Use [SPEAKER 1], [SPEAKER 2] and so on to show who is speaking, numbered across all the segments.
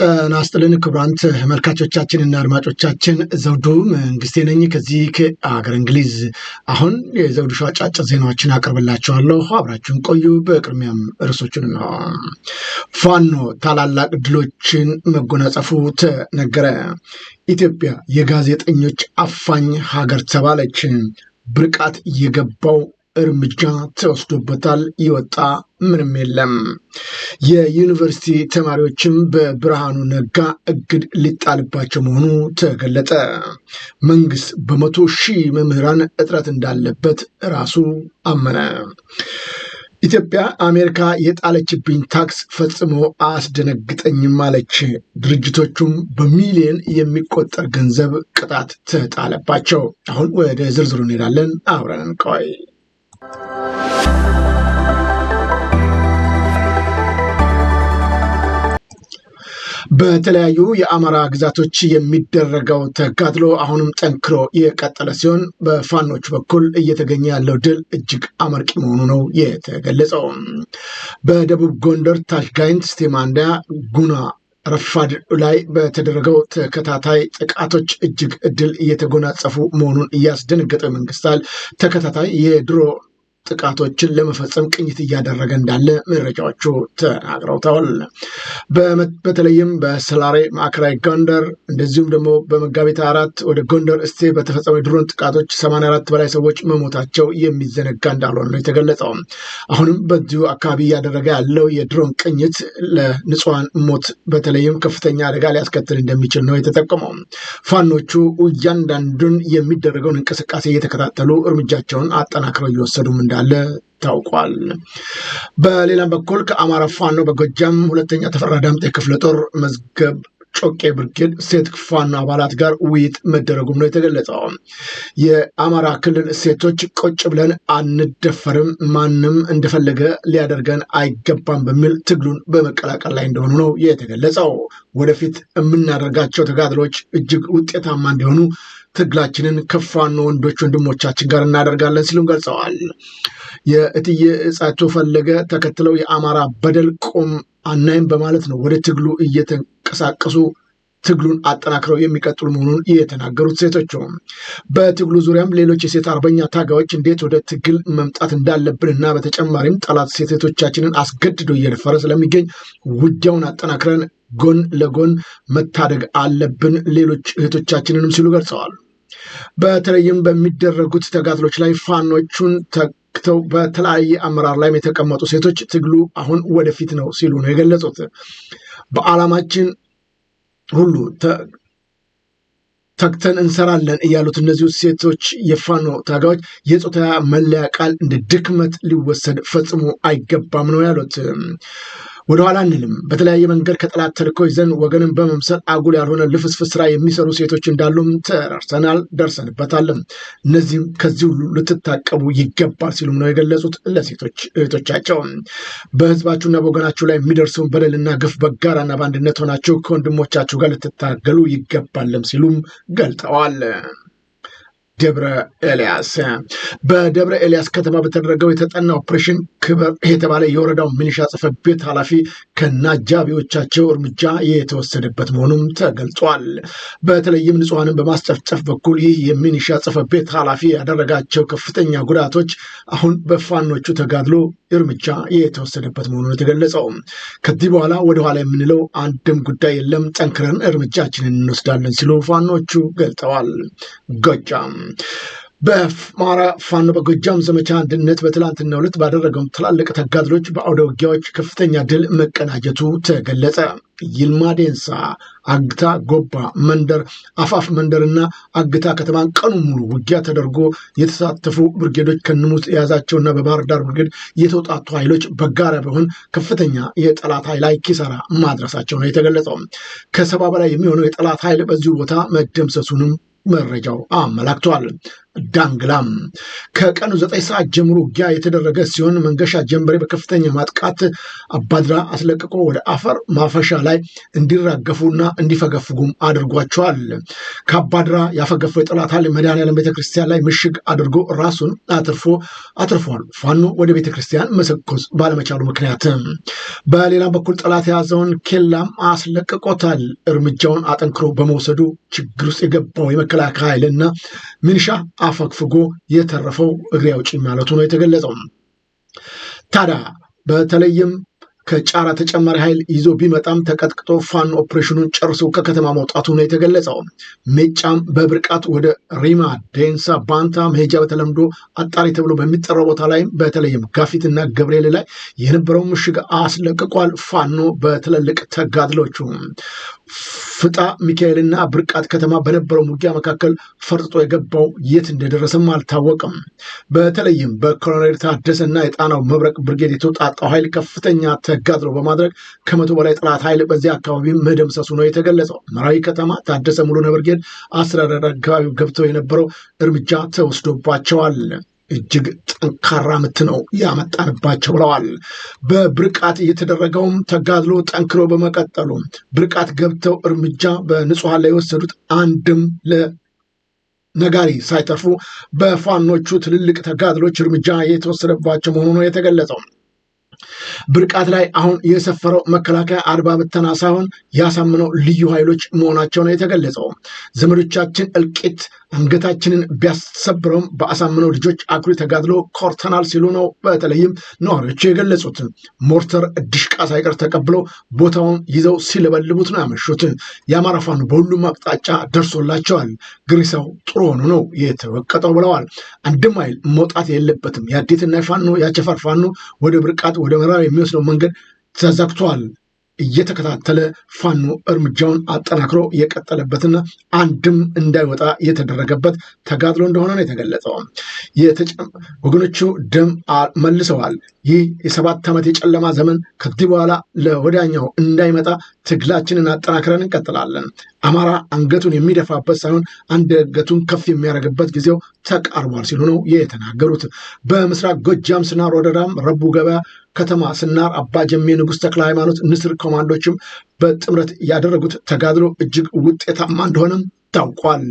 [SPEAKER 1] ጤና ይስጥልን ክቡራን ተመልካቾቻችንና አድማጮቻችን ዘውዱ መንግስቴ ነኝ ከዚህ ከአገር እንግሊዝ። አሁን የዘውዱ ሾው አጫጭር ዜናዎችን አቅርብላችኋለሁ፣ አብራችሁን ቆዩ። በቅድሚያም ርዕሶቹን ነው። ፋኖ ታላላቅ ድሎችን መጎናጸፉ ተነገረ። ኢትዮጵያ የጋዜጠኞች አፋኝ ሀገር ተባለች። ብርቃት የገባው እርምጃ ተወስዶበታል። ይወጣ ምንም የለም። የዩኒቨርሲቲ ተማሪዎችም በብርሃኑ ነጋ እግድ ሊጣልባቸው መሆኑ ተገለጠ። መንግስት በመቶ ሺህ መምህራን እጥረት እንዳለበት ራሱ አመነ። ኢትዮጵያ አሜሪካ የጣለችብኝ ታክስ ፈጽሞ አያስደነግጠኝም አለች። ድርጅቶቹም በሚሊዮን የሚቆጠር ገንዘብ ቅጣት ተጣለባቸው። አሁን ወደ ዝርዝሩ እንሄዳለን። አብረን ቆይ በተለያዩ የአማራ ግዛቶች የሚደረገው ተጋድሎ አሁንም ጠንክሮ የቀጠለ ሲሆን በፋኖች በኩል እየተገኘ ያለው ድል እጅግ አመርቂ መሆኑ ነው የተገለጸው። በደቡብ ጎንደር ታሽጋይንት ስቴማንዳ ጉና ረፋድ ላይ በተደረገው ተከታታይ ጥቃቶች እጅግ እድል እየተጎናጸፉ መሆኑን እያስደነገጠው መንግስታል ተከታታይ የድሮ ጥቃቶችን ለመፈጸም ቅኝት እያደረገ እንዳለ መረጃዎቹ ተናግረውታል። በተለይም በሰላሬ ማዕከላዊ ጎንደር እንደዚሁም ደግሞ በመጋቢት አራት ወደ ጎንደር እስቴ በተፈጸመ ድሮን ጥቃቶች 84 በላይ ሰዎች መሞታቸው የሚዘነጋ እንዳልሆነ ነው የተገለጸው። አሁንም በዚሁ አካባቢ እያደረገ ያለው የድሮን ቅኝት ለንጹሐን ሞት በተለይም ከፍተኛ አደጋ ሊያስከትል እንደሚችል ነው የተጠቆመው። ፋኖቹ እያንዳንዱን የሚደረገውን እንቅስቃሴ እየተከታተሉ እርምጃቸውን አጠናክረው እየወሰዱም እንዳ እንዳለ ታውቋል። በሌላም በኩል ከአማራ ፋኖ በጎጃም ሁለተኛ ተፈራ ዳምጤ ክፍለ ጦር መዝገብ ጮቄ ብርጌድ ሴት ፋኖ አባላት ጋር ውይይት መደረጉም ነው የተገለጸው። የአማራ ክልል ሴቶች ቁጭ ብለን አንደፈርም፣ ማንም እንደፈለገ ሊያደርገን አይገባም በሚል ትግሉን በመቀላቀል ላይ እንደሆኑ ነው የተገለጸው። ወደፊት የምናደርጋቸው ተጋድሎች እጅግ ውጤታማ እንዲሆኑ ትግላችንን ከፋኖ ወንዶች ወንድሞቻችን ጋር እናደርጋለን ሲሉም ገልጸዋል። የእትዬ እጻቸው ፈለገ ተከትለው የአማራ በደል ቆም አናይም በማለት ነው ወደ ትግሉ እየተንቀሳቀሱ ትግሉን አጠናክረው የሚቀጥሉ መሆኑን የተናገሩት ሴቶቹ በትግሉ ዙሪያም ሌሎች የሴት አርበኛ ታጋዮች እንዴት ወደ ትግል መምጣት እንዳለብን እና በተጨማሪም ጠላት ሴቶቻችንን አስገድዶ እየደፈረ ስለሚገኝ ውጊያውን አጠናክረን ጎን ለጎን መታደግ አለብን ሌሎች እህቶቻችንንም ሲሉ ገልጸዋል። በተለይም በሚደረጉት ተጋድሎች ላይ ፋኖቹን ተክተው በተለያየ አመራር ላይም የተቀመጡ ሴቶች ትግሉ አሁን ወደፊት ነው ሲሉ ነው የገለጹት። በዓላማችን ሁሉ ተክተን እንሰራለን እያሉት እነዚሁ ሴቶች የፋኖ ታጋዮች የጾታ መለያ ቃል እንደ ድክመት ሊወሰድ ፈጽሞ አይገባም ነው ያሉት። ወደኋላ አንልም። በተለያየ መንገድ ከጠላት ተልኮች ዘንድ ወገንን በመምሰል አጉል ያልሆነ ልፍስፍስ ስራ የሚሰሩ ሴቶች እንዳሉም ተራርሰናል፣ ደርሰንበታልም። እነዚህም ከዚህ ሁሉ ልትታቀቡ ይገባል ሲሉም ነው የገለጹት ለሴቶች እህቶቻቸው። በህዝባችሁና በወገናችሁ ላይ የሚደርሰውን በደልና ግፍ በጋራና በአንድነት ሆናችሁ ከወንድሞቻችሁ ጋር ልትታገሉ ይገባልም ሲሉም ገልጠዋል። ደብረ ኤልያስ በደብረ ኤልያስ ከተማ በተደረገው የተጠና ኦፕሬሽን ክበር የተባለ የወረዳው ሚሊሻ ጽሕፈት ቤት ኃላፊ ከነአጃቢዎቻቸው እርምጃ የተወሰደበት መሆኑም ተገልጿል። በተለይም ንጹሐንን በማስጨፍጨፍ በኩል ይህ የሚሊሻ ጽሕፈት ቤት ኃላፊ ያደረጋቸው ከፍተኛ ጉዳቶች አሁን በፋኖቹ ተጋድሎ እርምጃ የተወሰደበት መሆኑን የተገለጸው ከዚህ በኋላ ወደኋላ የምንለው አንድም ጉዳይ የለም፣ ጠንክረን እርምጃችንን እንወስዳለን ሲሉ ፋኖቹ ገልጠዋል። ጎጃም በማራ ፋኖ በጎጃም ዘመቻ አንድነት በትላንትናው ዕለት ባደረገው ትላልቅ ተጋድሎች በአውደ ውጊያዎች ከፍተኛ ድል መቀናጀቱ ተገለጸ። ይልማ ዴንሳ፣ አግታ ጎባ መንደር፣ አፋፍ መንደርና አግታ ከተማን ቀኑ ሙሉ ውጊያ ተደርጎ የተሳተፉ ብርጌዶች ከንሙት የያዛቸውና በባህር ዳር ብርጌድ የተውጣቱ ኃይሎች በጋራ በሆን ከፍተኛ የጠላት ኃይል ላይ ኪሳራ ማድረሳቸው ነው የተገለጸው። ከሰባ በላይ የሚሆነው የጠላት ኃይል በዚሁ ቦታ መደምሰሱንም መረጃው አመላክቷል። ዳንግላም ከቀኑ ዘጠኝ ሰዓት ጀምሮ ውጊያ የተደረገ ሲሆን መንገሻ ጀንበሬ በከፍተኛ ማጥቃት አባድራ አስለቅቆ ወደ አፈር ማፈሻ ላይ እንዲራገፉና እንዲፈገፍጉም አድርጓቸዋል። ከአባድራ ያፈገፈው የጠላት ኃይል መድኃኔዓለም ቤተክርስቲያን ላይ ምሽግ አድርጎ ራሱን አትርፎ አትርፏል። ፋኖ ወደ ቤተክርስቲያን መሰኮዝ ባለመቻሉ ምክንያት፣ በሌላ በኩል ጠላት የያዘውን ኬላም አስለቅቆታል። እርምጃውን አጠንክሮ በመውሰዱ ችግር ውስጥ የገባው የመከላከያ ኃይልና ሚኒሻ አፈግፍጎ የተረፈው እግሬ አውጪኝ ማለቱ ነው የተገለጸው። ታዲያ በተለይም ከጫራ ተጨማሪ ኃይል ይዞ ቢመጣም ተቀጥቅጦ ፋኖ ኦፕሬሽኑን ጨርሶ ከከተማ መውጣቱ ነው የተገለጸው። ሜጫም በብርቃት ወደ ሪማ ዴንሳ ባንታ መሄጃ በተለምዶ አጣሪ ተብሎ በሚጠራው ቦታ ላይ በተለይም ጋፊትና ገብርኤል ላይ የነበረው ምሽግ አስለቅቋል ፋኖ በትልልቅ ተጋድሎቹ ፍጣ ሚካኤልና ብርቃት ከተማ በነበረው ውጊያ መካከል ፈርጥጦ የገባው የት እንደደረሰም አልታወቅም። በተለይም በኮሎኔል ታደሰና የጣናው መብረቅ ብርጌድ የተውጣጣው ኃይል ከፍተኛ ተጋድሎ በማድረግ ከመቶ በላይ ጠላት ኃይል በዚህ አካባቢ መደምሰሱ ነው የተገለጸው። መራዊ ከተማ ታደሰ ሙሉ ነብርጌድ አስተዳደር አካባቢ ገብተው የነበረው እርምጃ ተወስዶባቸዋል። እጅግ ጠንካራ ምት ነው ያመጣንባቸው ብለዋል። በብርቃት እየተደረገውም ተጋድሎ ጠንክሮ በመቀጠሉ ብርቃት ገብተው እርምጃ በንጹሐን ላይ የወሰዱት አንድም ለነጋሪ ሳይተርፉ በፋኖቹ ትልልቅ ተጋድሎች እርምጃ የተወሰደባቸው መሆኑ ነው የተገለጸው። ብርቃት ላይ አሁን የሰፈረው መከላከያ አርባ ብተና ሳይሆን ያሳምነው ልዩ ኃይሎች መሆናቸው ነው የተገለጸው። ዘመዶቻችን እልቂት አንገታችንን ቢያሰብረውም በአሳምነው ልጆች አኩሪ ተጋድሎ ኮርተናል ሲሉ ነው በተለይም ነዋሪዎች የገለጹት። ሞርተር ድሽቃ ሳይቀር ተቀብለው ቦታውን ይዘው ሲለበልቡት ነው ያመሹት። የአማራ ፋኖ በሁሉም አቅጣጫ ደርሶላቸዋል። ግሪሰው ጥሩ ሆኖ ነው የተወቀጠው ብለዋል። አንድም ኃይል መውጣት የለበትም። የአዴትና ፋኖ የአቸፈር ፋኖ ወደ ብርቃት ወደ መራር የሚወስደው መንገድ ተዘግቷል። እየተከታተለ ፋኖ እርምጃውን አጠናክሮ የቀጠለበትና አንድም እንዳይወጣ የተደረገበት ተጋድሎ እንደሆነ ነው የተገለጸው። ወገኖቹ ደም መልሰዋል። ይህ የሰባት ዓመት የጨለማ ዘመን ከዚህ በኋላ ለወዳኛው እንዳይመጣ ትግላችንን አጠናክረን እንቀጥላለን። አማራ አንገቱን የሚደፋበት ሳይሆን አንድ አንገቱን ከፍ የሚያደርግበት ጊዜው ተቃርቧል ሲሉ ነው የተናገሩት። በምስራቅ ጎጃም ስናር ወረዳም ረቡ ገበያ ከተማ ስናር አባ ጀሜ ንጉስ ተክለ ሃይማኖት ንስር ኮማንዶችም በጥምረት ያደረጉት ተጋድሎ እጅግ ውጤታማ እንደሆነም ታውቋል።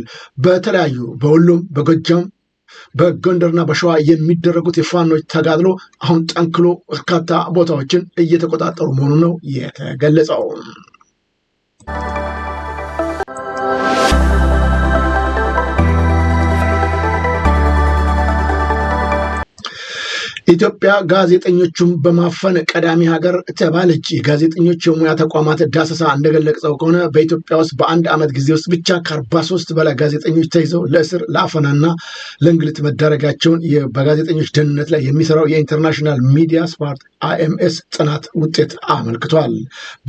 [SPEAKER 1] በተለያዩ በወሎም በጎጃም በጎንደርና በሸዋ የሚደረጉት የፋኖች ተጋድሎ አሁን ጠንክሎ በርካታ ቦታዎችን እየተቆጣጠሩ መሆኑ ነው የተገለጸው። ኢትዮጵያ ጋዜጠኞቹን በማፈን ቀዳሚ ሀገር ተባለች። የጋዜጠኞች የሙያ ተቋማት ዳሰሳ እንደገለጸው ከሆነ በኢትዮጵያ ውስጥ በአንድ ዓመት ጊዜ ውስጥ ብቻ ከአርባ ሶስት በላይ ጋዜጠኞች ተይዘው ለእስር ለአፈናና ለእንግልት መዳረጋቸውን በጋዜጠኞች ደህንነት ላይ የሚሰራው የኢንተርናሽናል ሚዲያ ስፓርት አይኤምኤስ ጥናት ውጤት አመልክቷል።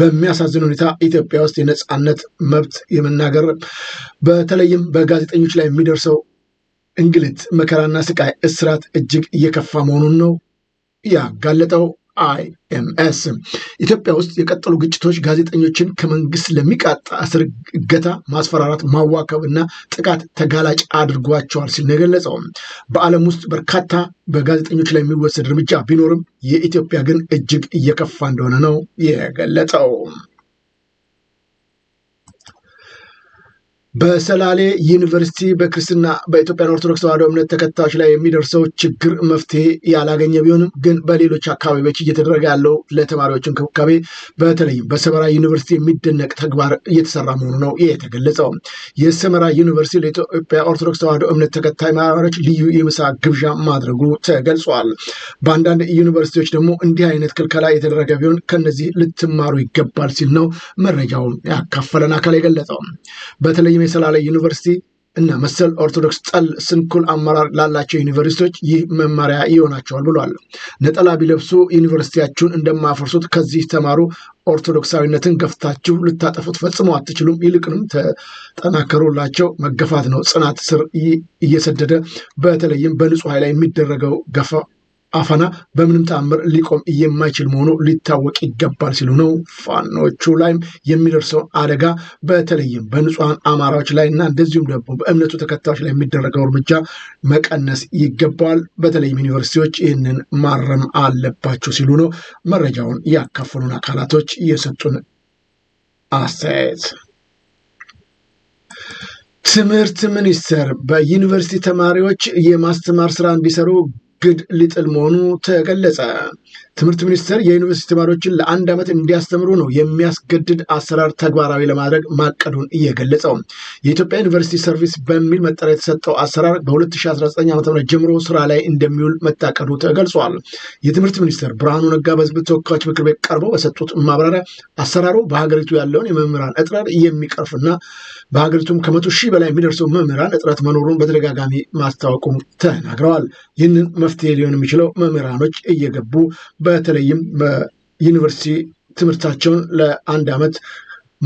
[SPEAKER 1] በሚያሳዝን ሁኔታ ኢትዮጵያ ውስጥ የነፃነት መብት የመናገር በተለይም በጋዜጠኞች ላይ የሚደርሰው እንግልት፣ መከራና ስቃይ፣ እስራት እጅግ እየከፋ መሆኑን ነው ያጋለጠው አይኤምኤስ። ኢትዮጵያ ውስጥ የቀጠሉ ግጭቶች ጋዜጠኞችን ከመንግስት ለሚቃጣ እስር፣ እገታ፣ ማስፈራራት፣ ማዋከብ እና ጥቃት ተጋላጭ አድርጓቸዋል ሲል ነው የገለጸው። በዓለም ውስጥ በርካታ በጋዜጠኞች ላይ የሚወሰድ እርምጃ ቢኖርም የኢትዮጵያ ግን እጅግ እየከፋ እንደሆነ ነው የገለጸው። በሰላሌ ዩኒቨርሲቲ በክርስትና በኢትዮጵያ ኦርቶዶክስ ተዋህዶ እምነት ተከታዮች ላይ የሚደርሰው ችግር መፍትሄ ያላገኘ ቢሆንም ግን በሌሎች አካባቢዎች እየተደረገ ያለው ለተማሪዎች እንክብካቤ በተለይም በሰመራ ዩኒቨርሲቲ የሚደነቅ ተግባር እየተሰራ መሆኑ ነው የተገለጸው። የሰመራ ዩኒቨርሲቲ ለኢትዮጵያ ኦርቶዶክስ ተዋሕዶ እምነት ተከታይ ማህበሮች ልዩ የምሳ ግብዣ ማድረጉ ተገልጿል። በአንዳንድ ዩኒቨርሲቲዎች ደግሞ እንዲህ አይነት ክልከላ የተደረገ ቢሆን ከነዚህ ልትማሩ ይገባል ሲል ነው መረጃውን ያካፈለን አካል የገለጸው በተለይ የመሰላለ ዩኒቨርሲቲ እና መሰል ኦርቶዶክስ ጠል ስንኩል አመራር ላላቸው ዩኒቨርሲቲዎች ይህ መመሪያ ይሆናቸዋል ብሏል። ነጠላ ቢለብሱ ዩኒቨርሲቲያችሁን እንደማፈርሱት ከዚህ ተማሩ። ኦርቶዶክሳዊነትን ገፍታችሁ ልታጠፉት ፈጽሞ አትችሉም። ይልቅንም ተጠናከሩላቸው። መገፋት ነው ጽናት ስር እየሰደደ በተለይም በንጹህ ላይ የሚደረገው ገፋ አፈና በምንም ተአምር ሊቆም የማይችል መሆኑ ሊታወቅ ይገባል ሲሉ ነው ፋኖቹ ላይም የሚደርሰውን አደጋ በተለይም በንጹሐን አማራዎች ላይ እና እንደዚሁም ደግሞ በእምነቱ ተከታዮች ላይ የሚደረገው እርምጃ መቀነስ ይገባዋል። በተለይም ዩኒቨርሲቲዎች ይህንን ማረም አለባቸው ሲሉ ነው መረጃውን ያካፈሉን አካላቶች የሰጡን አስተያየት። ትምህርት ሚኒስቴር በዩኒቨርሲቲ ተማሪዎች የማስተማር ስራ እንዲሰሩ እግድ ሊጥል መሆኑ ተገለጸ። ትምህርት ሚኒስቴር የዩኒቨርሲቲ ተማሪዎችን ለአንድ ዓመት እንዲያስተምሩ ነው የሚያስገድድ አሰራር ተግባራዊ ለማድረግ ማቀዱን እየገለጸው የኢትዮጵያ ዩኒቨርሲቲ ሰርቪስ በሚል መጠሪያ የተሰጠው አሰራር በ2019 ዓ ጀምሮ ስራ ላይ እንደሚውል መታቀዱ ተገልጿል። የትምህርት ሚኒስትር ብርሃኑ ነጋ በህዝብ ተወካዮች ምክር ቤት ቀርበው በሰጡት ማብራሪያ አሰራሩ በሀገሪቱ ያለውን የመምህራን እጥረት የሚቀርፍና በሀገሪቱም ከመቶ ሺህ በላይ የሚደርሰው መምህራን እጥረት መኖሩን በተደጋጋሚ ማስታወቁም ተናግረዋል። ይህንን መፍትሄ ሊሆን የሚችለው መምህራኖች እየገቡ በተለይም በዩኒቨርሲቲ ትምህርታቸውን ለአንድ ዓመት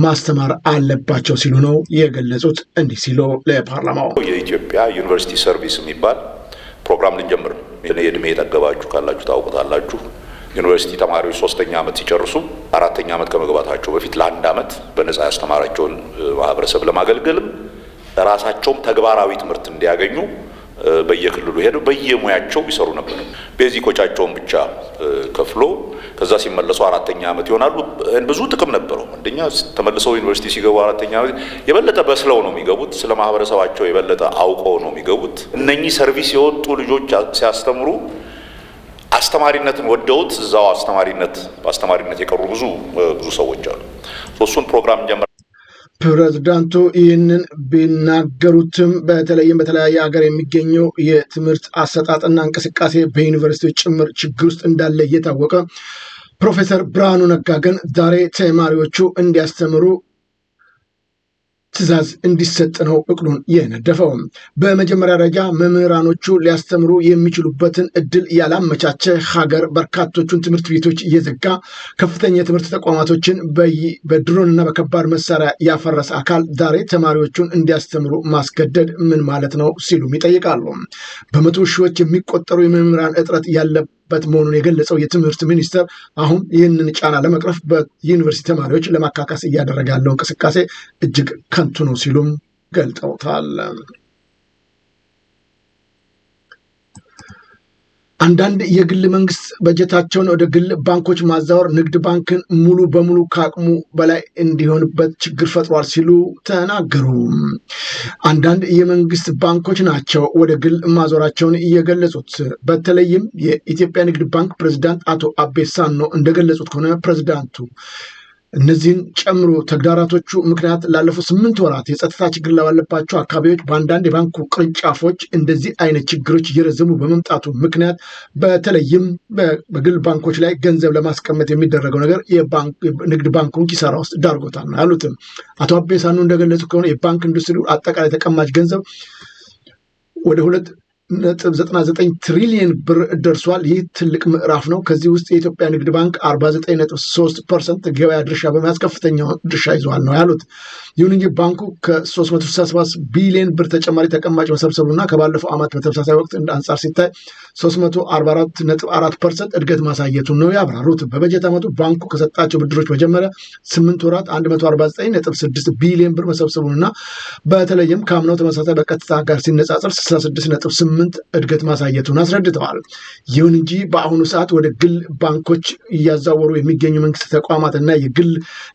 [SPEAKER 1] ማስተማር አለባቸው ሲሉ ነው የገለጹት። እንዲህ ሲሉ ለፓርላማው
[SPEAKER 2] የኢትዮጵያ ዩኒቨርሲቲ ሰርቪስ የሚባል ፕሮግራም ልንጀምር ነው። የእድሜ የጠገባችሁ ካላችሁ ታውቁታላችሁ። ዩኒቨርሲቲ ተማሪዎች ሶስተኛ ዓመት ሲጨርሱ አራተኛ ዓመት ከመግባታቸው በፊት ለአንድ ዓመት በነጻ ያስተማራቸውን ማህበረሰብ ለማገልገልም ራሳቸውም ተግባራዊ ትምህርት እንዲያገኙ በየክልሉ ሄደው በየሙያቸው ይሰሩ ነበር። ቤዚኮቻቸውን ብቻ ከፍሎ ከዛ ሲመለሱ አራተኛ ዓመት ይሆናሉ። ብዙ ጥቅም ነበረው። አንደኛ ተመልሰው ዩኒቨርሲቲ ሲገቡ አራተኛ ዓመት የበለጠ በስለው ነው የሚገቡት። ስለ ማህበረሰባቸው የበለጠ አውቀው ነው የሚገቡት። እነኚህ ሰርቪስ የወጡ ልጆች ሲያስተምሩ አስተማሪነትን ወደውት እዛው አስተማሪነት በአስተማሪነት የቀሩ ብዙ ብዙ ሰዎች አሉ። እሱን ፕሮግራም ጀመረ።
[SPEAKER 1] ፕሬዝዳንቱ ይህንን ቢናገሩትም በተለይም በተለያየ ሀገር የሚገኘው የትምህርት አሰጣጥና እንቅስቃሴ በዩኒቨርሲቲዎች ጭምር ችግር ውስጥ እንዳለ እየታወቀ ፕሮፌሰር ብርሃኑ ነጋ ግን ዛሬ ተማሪዎቹ እንዲያስተምሩ ትዕዛዝ እንዲሰጥ ነው እቅዱን የነደፈው። በመጀመሪያ ደረጃ መምህራኖቹ ሊያስተምሩ የሚችሉበትን እድል ያላመቻቸ ሀገር በርካቶቹን ትምህርት ቤቶች እየዘጋ ከፍተኛ የትምህርት ተቋማቶችን በድሮንና በከባድ መሳሪያ ያፈረሰ አካል ዛሬ ተማሪዎቹን እንዲያስተምሩ ማስገደድ ምን ማለት ነው ሲሉም ይጠይቃሉ። በመቶ ሺዎች የሚቆጠሩ የመምህራን እጥረት ያለ በት መሆኑን የገለጸው የትምህርት ሚኒስቴር አሁን ይህንን ጫና ለመቅረፍ በዩኒቨርሲቲ ተማሪዎች ለማካካስ እያደረገ ያለው እንቅስቃሴ እጅግ ከንቱ ነው ሲሉም ገልጠውታል። አንዳንድ የግል መንግስት በጀታቸውን ወደ ግል ባንኮች ማዛወር ንግድ ባንክን ሙሉ በሙሉ ከአቅሙ በላይ እንዲሆንበት ችግር ፈጥሯል ሲሉ ተናገሩ። አንዳንድ የመንግስት ባንኮች ናቸው ወደ ግል ማዞራቸውን እየገለጹት በተለይም የኢትዮጵያ ንግድ ባንክ ፕሬዚዳንት አቶ አቤ ሳኖ እንደገለጹት ከሆነ ፕሬዚዳንቱ እነዚህን ጨምሮ ተግዳራቶቹ ምክንያት ላለፉት ስምንት ወራት የጸጥታ ችግር ላባለባቸው አካባቢዎች በአንዳንድ የባንኩ ቅርንጫፎች እንደዚህ አይነት ችግሮች እየረዘሙ በመምጣቱ ምክንያት በተለይም በግል ባንኮች ላይ ገንዘብ ለማስቀመጥ የሚደረገው ነገር ንግድ ባንኩን ኪሳራ ውስጥ ዳርጎታል ነው ያሉትም። አቶ አቤሳኑ እንደገለጹ ከሆነ የባንክ ኢንዱስትሪ አጠቃላይ ተቀማጭ ገንዘብ ወደ ሁለት ነጥብ 99 ትሪሊየን ብር ደርሷል። ይህ ትልቅ ምዕራፍ ነው። ከዚህ ውስጥ የኢትዮጵያ ንግድ ባንክ 49.3 ፐርሰንት ገበያ ድርሻ በመያዝ ከፍተኛው ድርሻ ይዘዋል ነው ያሉት። ይሁን እንጂ ባንኩ ከ367 ቢሊዮን ብር ተጨማሪ ተቀማጭ መሰብሰቡና ከባለፈው ዓመት በተመሳሳይ ወቅት እንደ አንጻር ሲታይ 344.4 ፐርሰንት እድገት ማሳየቱን ነው ያብራሩት። በበጀት ዓመቱ ባንኩ ከሰጣቸው ብድሮች መጀመሪያ 8 ወራት 149.6 ቢሊዮን ብር መሰብሰቡንና በተለይም ከአምናው ተመሳሳይ በቀጥታ ጋር ሲነጻጸር 66 ስምንት እድገት ማሳየቱን አስረድተዋል። ይሁን እንጂ በአሁኑ ሰዓት ወደ ግል ባንኮች እያዛወሩ የሚገኙ መንግስት ተቋማትና የግል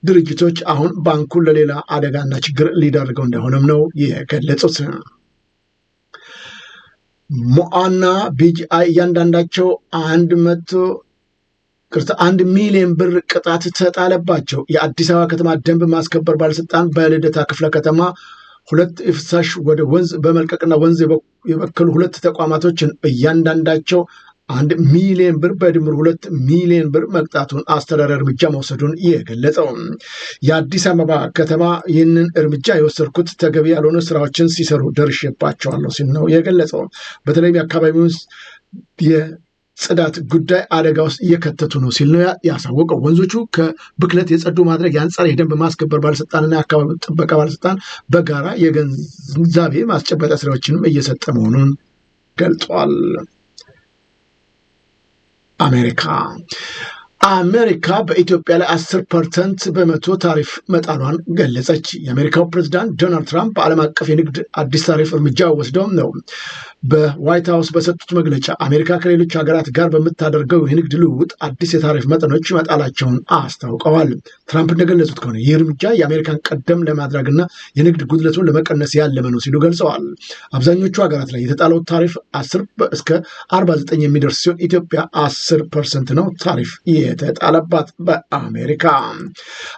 [SPEAKER 1] ድርጅቶች አሁን ባንኩን ለሌላ አደጋና ችግር ሊዳርገው እንደሆነም ነው የገለጹት። ሞአና ቢጂአይ እያንዳንዳቸው አንድ መቶ ቅርታ አንድ ሚሊዮን ብር ቅጣት ተጣለባቸው። የአዲስ አበባ ከተማ ደንብ ማስከበር ባለስልጣን በልደታ ክፍለ ከተማ ሁለት የፍሳሽ ወደ ወንዝ በመልቀቅና ወንዝ የበከሉ ሁለት ተቋማቶችን እያንዳንዳቸው አንድ ሚሊዮን ብር በድምር ሁለት ሚሊዮን ብር መቅጣቱን አስተዳደር እርምጃ መውሰዱን የገለጸው የአዲስ አበባ ከተማ ይህንን እርምጃ የወሰድኩት ተገቢ ያልሆነ ስራዎችን ሲሰሩ ደርሼባቸዋለሁ ሲል ነው የገለጸው። በተለይም የአካባቢውን ጽዳት ጉዳይ አደጋ ውስጥ እየከተቱ ነው ሲል ነው ያሳወቀው። ወንዞቹ ከብክለት የጸዱ ማድረግ የአንጻር የደንብ ማስከበር ባለስልጣንና የአካባቢ ጥበቃ ባለስልጣን በጋራ የግንዛቤ ማስጨበጫ ስራዎችንም እየሰጠ መሆኑን ገልጧል። አሜሪካ አሜሪካ በኢትዮጵያ ላይ አስር ፐርሰንት በመቶ ታሪፍ መጣሏን ገለጸች። የአሜሪካው ፕሬዚዳንት ዶናልድ ትራምፕ በዓለም አቀፍ የንግድ አዲስ ታሪፍ እርምጃ ወስደው ነው። በዋይት ሀውስ በሰጡት መግለጫ አሜሪካ ከሌሎች ሀገራት ጋር በምታደርገው የንግድ ልውውጥ አዲስ የታሪፍ መጠኖች መጣላቸውን አስታውቀዋል። ትራምፕ እንደገለጹት ከሆነ ይህ እርምጃ የአሜሪካን ቀደም ለማድረግና የንግድ ጉድለቱን ለመቀነስ ያለመ ነው ሲሉ ገልጸዋል። አብዛኞቹ ሀገራት ላይ የተጣለው ታሪፍ አስር እስከ 49 ዘጠኝ የሚደርስ ሲሆን ኢትዮጵያ አስር ፐርሰንት ነው ታሪፍ ይ የተጣለባት በአሜሪካ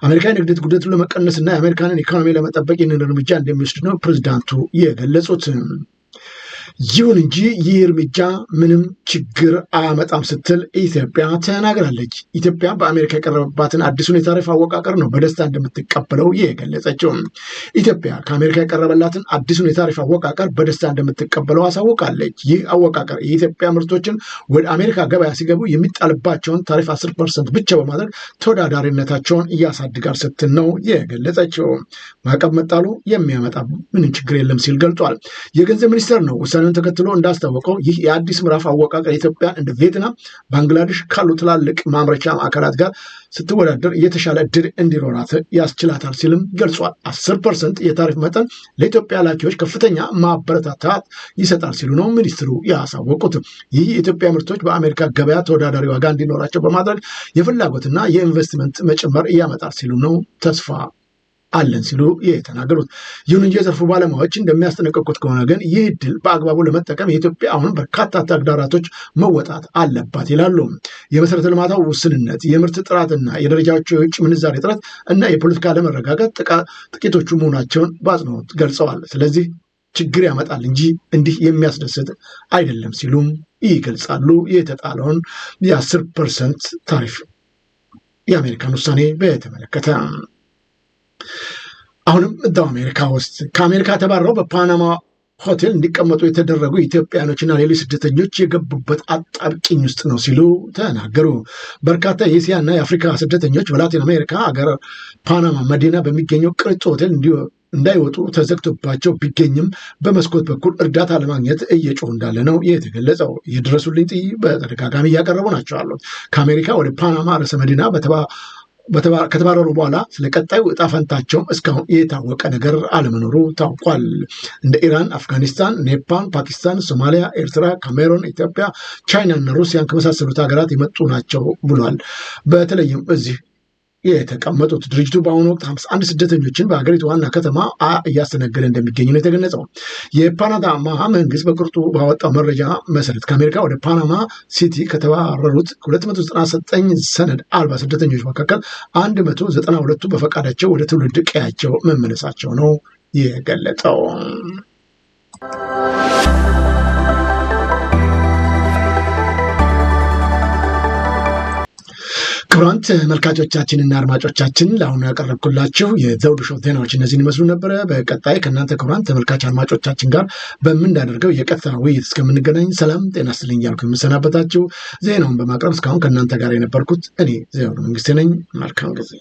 [SPEAKER 1] አሜሪካ የንግድ ጉደቱን ለመቀነስና የአሜሪካንን ኢኮኖሚ ለመጠበቅ ይህንን እርምጃ እንደሚወስድ ነው ፕሬዚዳንቱ የገለጹት። ይሁን እንጂ ይህ እርምጃ ምንም ችግር አያመጣም ስትል ኢትዮጵያ ተናግራለች። ኢትዮጵያ በአሜሪካ የቀረበባትን አዲሱን የታሪፍ አወቃቀር ነው በደስታ እንደምትቀበለው የገለጸችው። ኢትዮጵያ ከአሜሪካ የቀረበላትን አዲሱን የታሪፍ አወቃቀር በደስታ እንደምትቀበለው አሳውቃለች። ይህ አወቃቀር የኢትዮጵያ ምርቶችን ወደ አሜሪካ ገበያ ሲገቡ የሚጣልባቸውን ታሪፍ 10 ፐርሰንት ብቻ በማድረግ ተወዳዳሪነታቸውን እያሳድጋል ስትል ነው የገለጸችው። ማዕቀብ መጣሉ የሚያመጣ ምንም ችግር የለም ሲል ገልጧል። የገንዘብ ሚኒስቴር ነው ውሳኔ ይህንን ተከትሎ እንዳስታወቀው ይህ የአዲስ ምዕራፍ አወቃቀር ኢትዮጵያ እንደ ቪየትናም፣ ባንግላዴሽ ካሉ ትላልቅ ማምረቻ አካላት ጋር ስትወዳደር የተሻለ ድል እንዲኖራት ያስችላታል ሲልም ገልጿል። አስር ፐርሰንት የታሪፍ መጠን ለኢትዮጵያ ላኪዎች ከፍተኛ ማበረታታት ይሰጣል ሲሉ ነው ሚኒስትሩ ያሳወቁት። ይህ የኢትዮጵያ ምርቶች በአሜሪካ ገበያ ተወዳዳሪ ዋጋ እንዲኖራቸው በማድረግ የፍላጎትና የኢንቨስትመንት መጨመር ያመጣል ሲሉ ነው ተስፋ አለን ሲሉ የተናገሩት። ይሁን እንጂ የዘርፉ ባለሙያዎች እንደሚያስጠነቀቁት ከሆነ ግን ይህ እድል በአግባቡ ለመጠቀም የኢትዮጵያ አሁን በርካታ ተግዳራቶች መወጣት አለባት ይላሉ። የመሰረተ ልማታው ውስንነት፣ የምርት ጥራትና የደረጃዎች የውጭ ምንዛሬ ጥረት እና የፖለቲካ አለመረጋጋት ጥቂቶቹ መሆናቸውን በአጽንኦት ገልጸዋል። ስለዚህ ችግር ያመጣል እንጂ እንዲህ የሚያስደስት አይደለም ሲሉም ይገልጻሉ። የተጣለውን የአስር ፐርሰንት ታሪፍ የአሜሪካን ውሳኔ በተመለከተ አሁንም እዛው አሜሪካ ውስጥ ከአሜሪካ ተባረው በፓናማ ሆቴል እንዲቀመጡ የተደረጉ ኢትዮጵያኖችና ሌሎች ስደተኞች የገቡበት አጣብቂኝ ውስጥ ነው ሲሉ ተናገሩ። በርካታ የእስያና የአፍሪካ ስደተኞች በላቲን አሜሪካ አገር ፓናማ መዲና በሚገኘው ቅርጽ ሆቴል እንዳይወጡ ተዘግቶባቸው ቢገኝም በመስኮት በኩል እርዳታ ለማግኘት እየጮሁ እንዳለ ነው የተገለጸው። የድረሱልኝ ጥይ በተደጋጋሚ እያቀረቡ ናቸው አሉት። ከአሜሪካ ወደ ፓናማ ርዕሰ መዲና በተባ ከተባረሩ በኋላ ስለ ቀጣዩ እጣ ፈንታቸውም እስካሁን የታወቀ ነገር አለመኖሩ ታውቋል። እንደ ኢራን፣ አፍጋኒስታን፣ ኔፓል፣ ፓኪስታን፣ ሶማሊያ፣ ኤርትራ፣ ካሜሮን፣ ኢትዮጵያ፣ ቻይና እና ሩሲያን ከመሳሰሉት ሀገራት የመጡ ናቸው ብሏል። በተለይም እዚህ የተቀመጡት ድርጅቱ በአሁኑ ወቅት አንድ ስደተኞችን በሀገሪቱ ዋና ከተማ እያስተናገደ እንደሚገኝ ነው የተገለጸው። የፓናማ መንግስት በቅርጡ ባወጣው መረጃ መሰረት ከአሜሪካ ወደ ፓናማ ሲቲ ከተባረሩት 299 ሰነድ አልባ ስደተኞች መካከል 192ቱ በፈቃዳቸው ወደ ትውልድ ቀያቸው መመለሳቸው ነው የገለጠው። ክቡራን ተመልካቾቻችንና አድማጮቻችን ለአሁኑ ያቀረብኩላችሁ የዘውዱ ሾው ዜናዎች እነዚህን ይመስሉ ነበረ። በቀጣይ ከእናንተ ክቡራን ተመልካች አድማጮቻችን ጋር በምንዳደርገው የቀጥታ ውይይት እስከምንገናኝ ሰላም ጤና ስልኝ እያልኩ የምሰናበታችሁ ዜናውን በማቅረብ እስካሁን ከእናንተ ጋር የነበርኩት እኔ ዘውዱ መንግስቴ ነኝ። መልካም ጊዜ